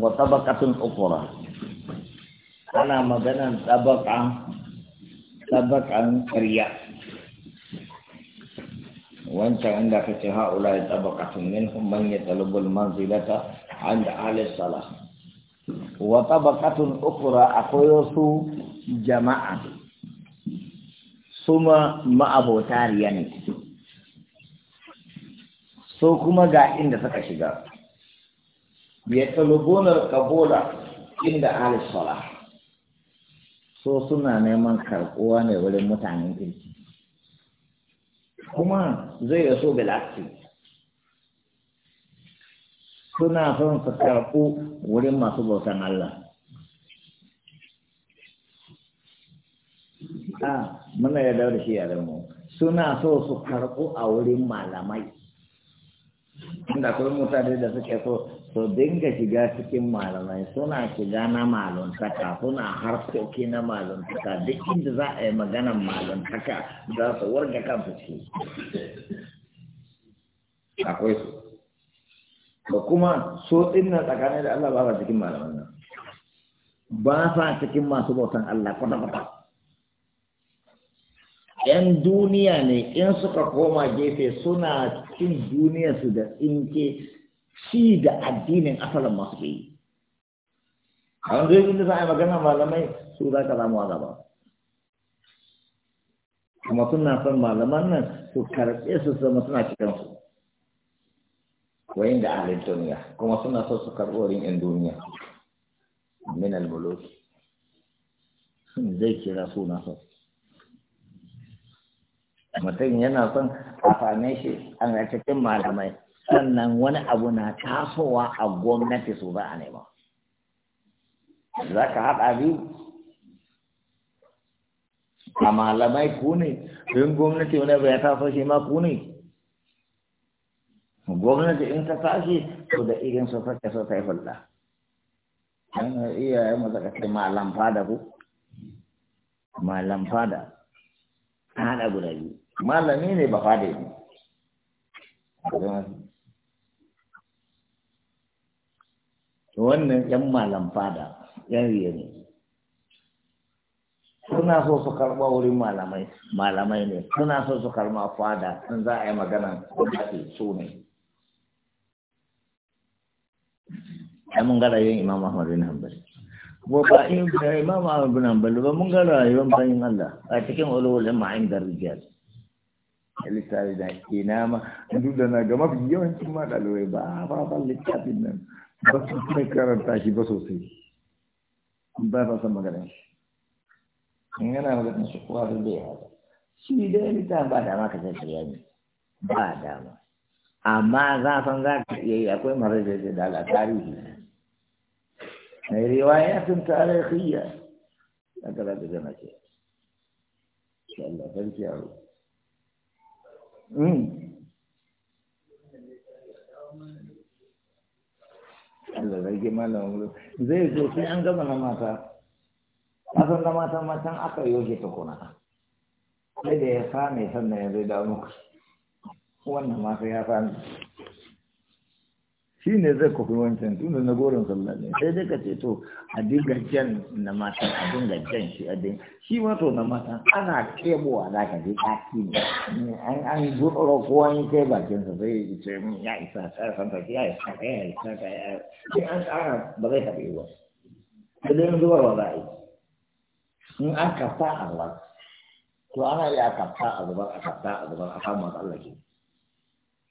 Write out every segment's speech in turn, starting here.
wa tabaqatun ukhra ana magana tabaqan tabaqan qariya wanta anda kace ha ulai tabaqatun minhum man yatalabul manzilata anda ahli salah wa tabaqatun ukhra akoyosu jama'ah suma ma'abotariyani su kuma ga inda suka shiga يطلبون القبول عند inda الصلاة so suna neman karɓuwa ne wurin mutanen kirki kuma zai so bilaksi suna son su karɓu wurin masu bautan Allah a muna yadda da shi yaran mu suna so su karɓu a wurin malamai inda akwai mutane da suke so to dinga shiga cikin malamai suna shiga na maluntaka suna harkoki na maluntaka duk inda za a yi maganan maluntaka za su warga kan ciki akwai su da kuma so din nan tsakanin da Allah ba cikin malamai nan ba sa cikin masu bautan Allah kwata-kwata yan duniya ne in suka koma gefe suna cin duniyarsu da tsinke shi da addinin asalin masu yi a wanzu yi da za a yi magana malamai su za ka zama gaba kuma suna son malaman nan su karɓe su zama suna cikin su wayin da ahalin duniya kuma suna son su karɓo rin yan duniya min al zai kira suna so mutum yana son a same shi a cikin malamai sannan wani abu na tasowa a gwamnati su ba a nema za ka haɗa biyu a malamai ku ne yin gwamnati wani abu ya taso shi ma ku ne gwamnati in ta tashi to da irin su sake so ta yi hulɗa an iya mu zaka ce malam fada ku malam fada ta haɗa guda biyu malami ne ba fada ne wannan yan malam fada yan riya ne suna so su karɓa wurin malamai malamai ne suna so su karɓa fada sun za a yi magana gwamnati su ne ai mun ga rayuwar imam ahmad bin hanbali ko ba in imam ahmad bin hanbali ba mun ga rayuwar bayin allah a cikin ulul ma'in da rijal littafi da ina ma duk da na ga mafi yawancin ma ɗalibai ba ba ba littafin nan ba su kuma karanta shi ba sosai ba sa san maganar shi in yana maganar shi kowa da zai hada shi dai littafin ba dama ka sai karya ne ba dama amma za san za ka iya yi akwai marar da zai dala tarihi mai riwayatin tarihiyya a kada da gana ce. Allah sarki yaro. Mm. Allah zargi malam wuri zai zo sai an gama na mata asan na mata matan aka yoge ta kuna sai da ya same sannan ya zai dawo muku wannan mata ya same shi ne zai kufi wancan tunda na goron sallah ne sai dai ka ce to a dinga jan na mata a dinga jan shi a dinga shi ma to na mata ana kebowa za ka je ɗaki ne an an zuɗoro kowa yi kai bakin sa zai yi ce min mm, ya isa sai san ta ya isa ta ya isa ta ya sai an tsara ba zai haɗe ba sai dai zuwa ba za a yi in an kafa a ruwa to ana iya kafa a zubar a kafa a zubar a kama Allah ke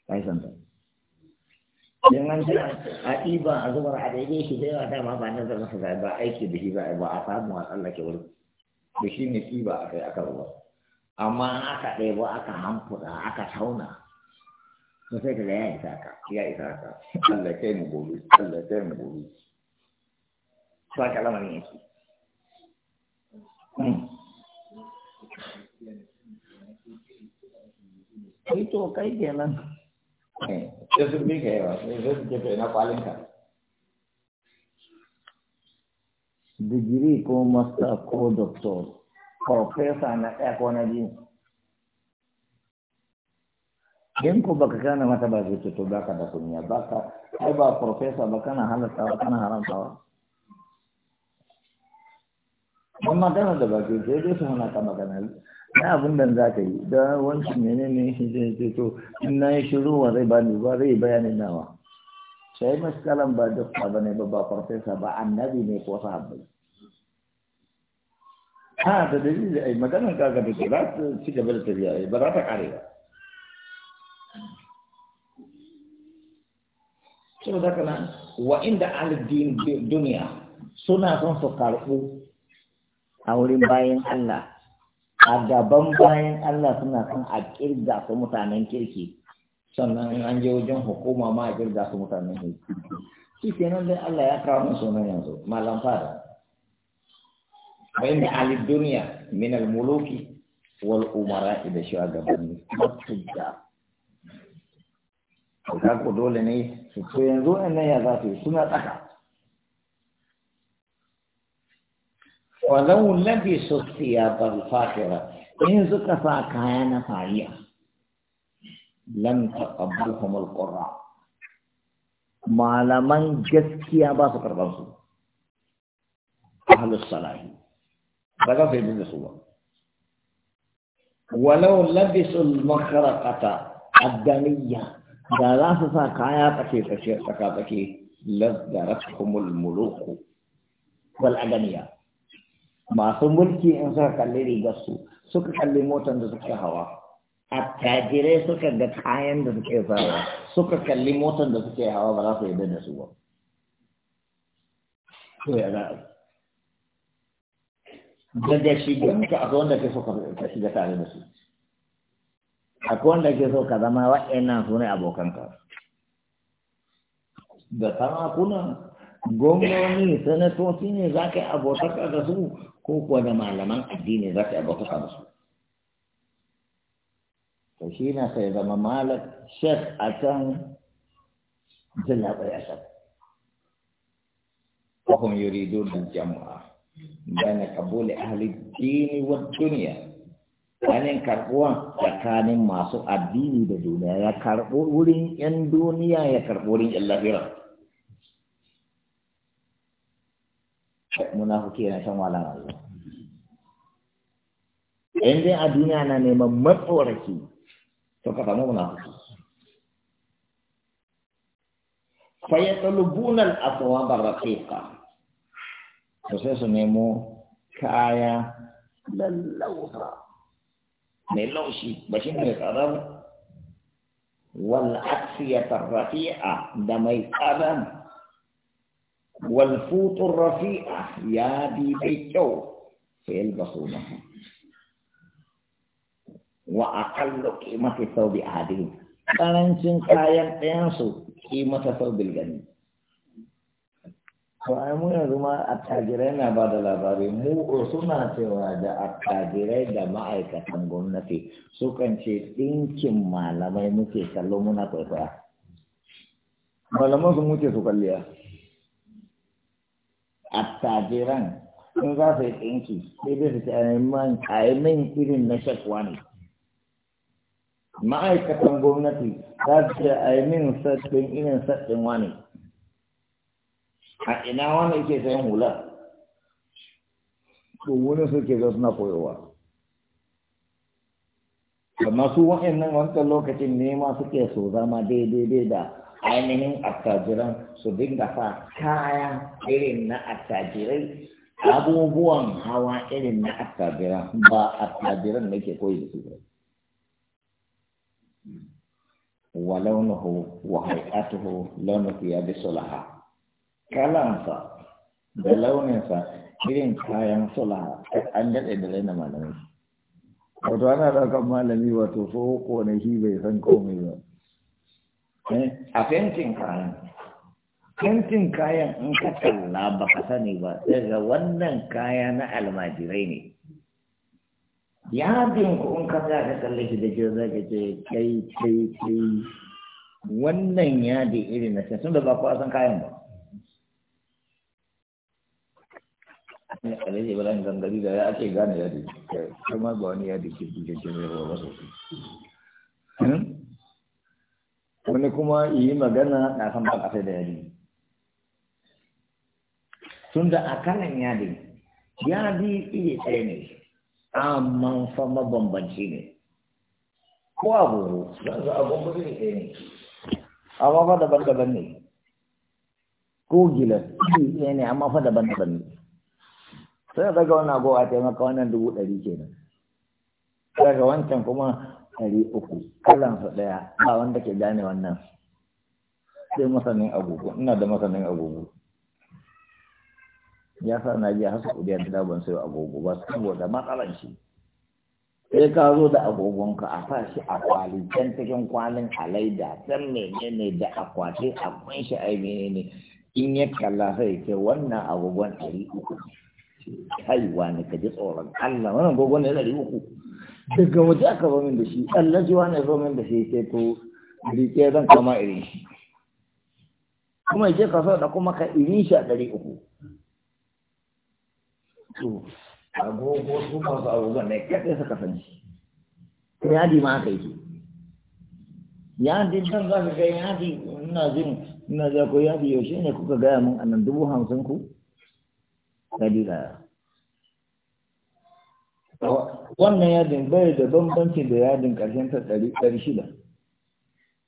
ka yi ta Jangan a ɗiba a zubar a daidai shi da yawa dama ba nan zama su ba aiki da shi ba ba a samu a tsallake wuri da shi ne a kai aka ruwa amma aka aka hamfuda aka tauna ko sai ka ya isa ka ya isa ka Allah kai mu gobe Allah kai mu gobe ba ka lamarin yake kai kenan sai sun bi ka yawa sai su na kwalinka digiri ko masta ko doktor profesa na ɗaya ko na biyu in ko baka kana mata ba zai to baka da kunya baka ai ba profesa ba kana halatta kana haramtawa ban magana da baki sai dai su hana ka magana na abin da za ka yi da wancan mene ne shi zai ce to in na yi shiru wa zai bani ba zai bayani nawa sai maskalan ba dokta ba ne ba ba farfesa ba annabi ne ko sahabbai ha da dalili ai maganar kaga da ke za su ci gaba da tafiya ba za ta kare ba da kana wa inda al duniya suna son su karbu a wurin bayan Allah a gaban bayan Allah suna son a kirga su mutanen kirki sannan an je wajen hukuma ma a kirga su mutanen kirki shi nan dai Allah ya kawo musu nan yanzu malam fara Bayan da Ali duniya min al muluki wal umara da shugabanni matsuda ka ku dole ne su yanzu nan ya za su yi suna tsaka ولو لبسوا الثياب الفاخرة إن زكفا كان فاعيا لم تقبلهم القراء ما لم جسكي ثياب سكر بانسو أهل الصلاة رجع في ابن الله ولو لبسوا المخرقة الدنيا لا سسا كايا تكي تشير تكا تكي الملوك والأدنيا masu mulki in suka kalli su suka kalli motar da suke hawa attajirai suka ga kayan da suke sawa suka kalli motar da suke hawa ba za su yi da su ba to ya za daga shiganka a wanda ke so ka shiga tare da su A wanda ke so ka zama wa'annan su ne abokanka da sarakuna gwamnoni sanatoci ne za ka yi abotaka da su ko kuwa da malaman addini za ka abu da su to shi na sai zama malak shek a can jallabai a can وهم يريدون الجمع ahli jini wa duniya. والدنيا ainihin karɓuwa tsakanin masu addini da duniya ya karɓo wurin 'yan duniya ya karɓo wurin 'yan lahira munafiki yana shan walan Allah in dai a duniya na neman matsoraki to ka samu munafiki fa yatlubuna al-aswab ar-raqiqa to sai su nemo kaya lallausa mai laushi ba shi mai tsada ba wal da mai tsadan ya والفوط الرفيع يا دي بيتو فيلبسونه وأقل قيمة ثوب أحدهم Karancin kayan ɗayan ɗayansu ƙimata sau gani. To, ai mun yanzu ma attajirai na ba da labari, mu suna cewa da attajirai da ma'aikatan gwamnati Su kan ce ɗinkin malamai muke kallo muna kwaikwaya. Malaman su muke su kalliya. attajiran in za su yi ɗinki sai dai su ce min irin na shakwa ne ma'aikatan gwamnati za su ce a yi min sabbin irin sabbin wani a ina wani ke sayan hula to wani suke zo suna koyowa amma su wa'annan wancan lokacin nema suke so zama daidai da ainihin attajiran su dinga sa kaya irin na attajirai abubuwan hawa irin na attajiran ba attajiran da ke koyi da su ba wa launuhu wa haikatuhu launuhu ya bi sulaha kalansa da launinsa irin kayan sulaha an daɗe da raina malamai wato ana ɗaukar malami wato tsoho ko na shi bai san komai ba Eh, a fentin kayan fentin kayan in ka talla ba ka sani ba daga wannan kaya na almajirai ne yadin ku in ka za ka kalle shi da ke za ka ce kai kai kai wannan yadi irin na can sun da ba ku san kayan ba ne eh, a rage ba zan gangari da ya ake gane ya yadi kuma ba wani ya da ke bujajen yawa ba sosai hmm? wani kuma yi magana na san ba kasai da yadi tun da a kanan yadi yadi iya tsaye ne amma fa mabambanci ne ko a goro don su abin mutu ne tsaye ne amma fa daban-daban ne ko gila iri ɗaya ne amma fa daban-daban ne sai daga wannan agogo a taimaka wannan dubu ɗari kenan daga wancan kuma ɗari uku kalan su ɗaya ba wanda ke gane wannan sai masanin agogo ina da masanin agogo ya sa na ji hasa kuɗi a gida ban sayo agogo ba saboda matsalan shi sai ka zo da agogonka a sa shi a kwali can cikin kwalin a can menene da akwati a shi a menene in ya kalla sai ce wannan agogon ɗari uku haiwa ne ka ji tsoron Allah wannan agogon ne ɗari uku daga waje aka zo min da shi allaji ji wani zo min da shi sai to rike zan kama irin shi kuma je ka da kuma ka irin shi a ɗari uku to agogo su masu agogon ne kaɗai suka san shi yadi ma aka yi yadi dan za ka ga yadi ina jin ina za ku yadi yaushe ne kuka gaya mun a nan dubu hamsin ku? Gadi gaya. wannan yadin bai da bambanci da yadin ƙarshen ta ɗari shida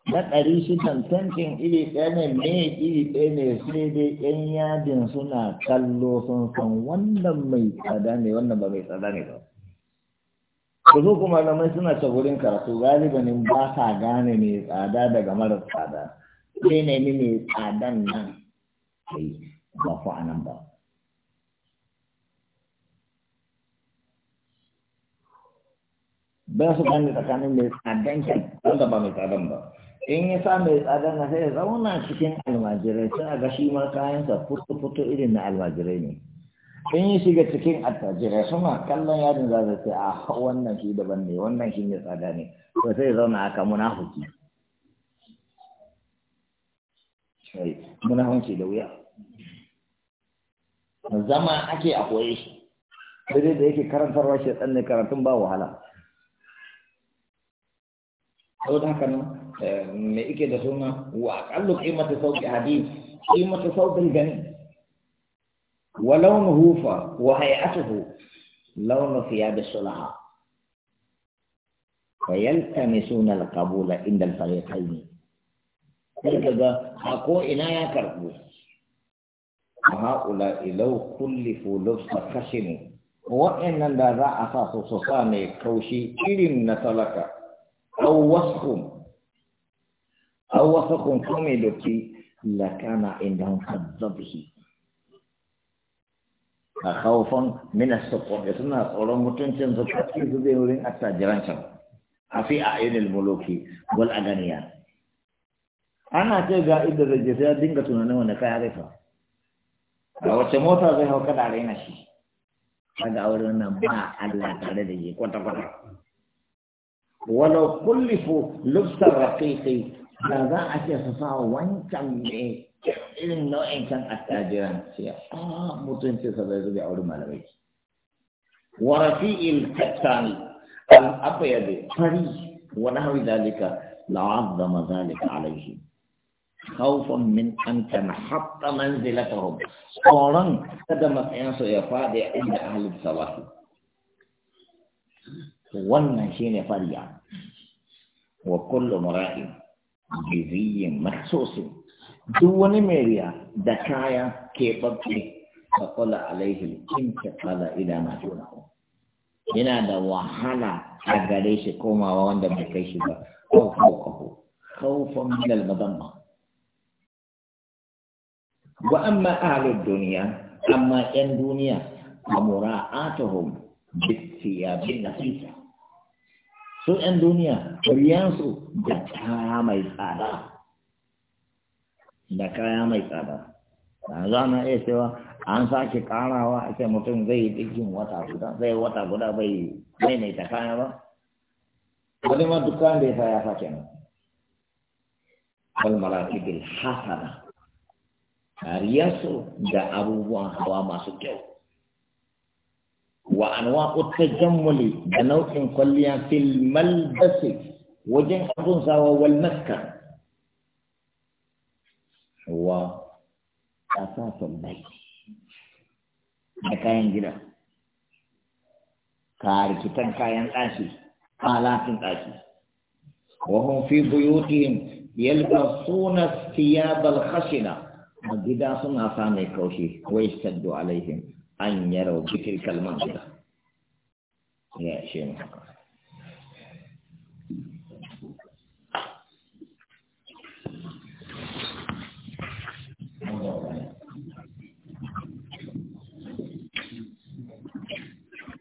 na ɗari shidan tankin iri ɗaya ne me iri ɗaya ne sai dai ɗan yadin suna kallo sun san wannan mai tsada ne wannan ba mai tsada ne ba ku zo kuma malamai suna ta wurin karatu galibin ba sa gane mai tsada daga mara tsada sai ne mai tsadan nan kai ba ku a nan ba don su gane tsakanin mai tsadan kyan wanda ba mai tsadan ba in ya sa mai tsadan na sai ya zauna cikin almajirai sai ga shi ma kayansa futo irin na almajirai ne in yi shiga cikin attajirai suna kallon yadin za su ce a ah, wannan shi daban ne wannan shi ne tsada ne to sai zauna aka munafuki munafunci da wuya zama ake a koye shi sai da yake karantarwa shi tsanne karatun ba wahala sau da haka nan eh, me ike da suna wa aƙallu ƙimata sauƙi hadis ƙimata sauƙin gani wa launu hufa wa hay'atuhu launu thiyab da sulaha fa yaltamisuna al-qabula inda al-fariqayn a ko ina ya karɓo. haula ilau kulli kashe ne. Waɗannan da za a sa su su sa ne kaushi irin na talaka aw wasfun aw wasfun ko mai dotti la kana indahum kadzabihi a khawfan min as-suqur suna tsoron mutuncin zakati su zai wurin attajiran can a fi ayunil muluki wal aganiya ana ce ga inda da je sai dinga tunanin wanda kai zai fa a wace mota zai hau kada raina shi kaga auren nan ba Allah tare da shi kwata kwata ولو كلفوا لبس الرقيق لذا أتيت صار وان كان إنه إن كان أتاجرا سيا آه مطين في صدر يزبي عوري ما لبيت ورفي الكتاني الأبي يدي ونهو ذلك لعظم ذلك عليه خوفا من أن تنحط منزلتهم صورا قدم قياس يفادي عند أهل الصلاة wannan shine fariya wa kullu mara'in jiziyyin mahsusin duk wani meriya da kaya ke babbe fa qala alaihi intiqala ila ma dunahu yana da wahala a gare shi komawa wanda bai kai shi ba ko ko ko khawfan min al-madamma wa amma ahli dunya amma yan duniya amura'atuhum bi thiyabin nafisa su ‘yan duniya riyansu da kaya mai tsada da kaya mai tsada da za na iya cewa an sake karawa a ce mutum zai yi ɗikin wata guda zai wata guda bai maimaita kaya ba wani ma dukkan da ya sa ya sake nan kalmarakidil hasana kariyarsu da abubuwan hawa masu kyau وأنواع التجمل بنوع كلي في الملبس وجن حضن سوا والمسكن و أساس البيت بكاين جدا كاري كتن كاين تاشي آلات تاشي وهم في بيوتهم يلبسون الثياب الخشنة جدا سنة ثانية كوشي ويشتد عليهم an yarau bikin kalman guda ya ce mu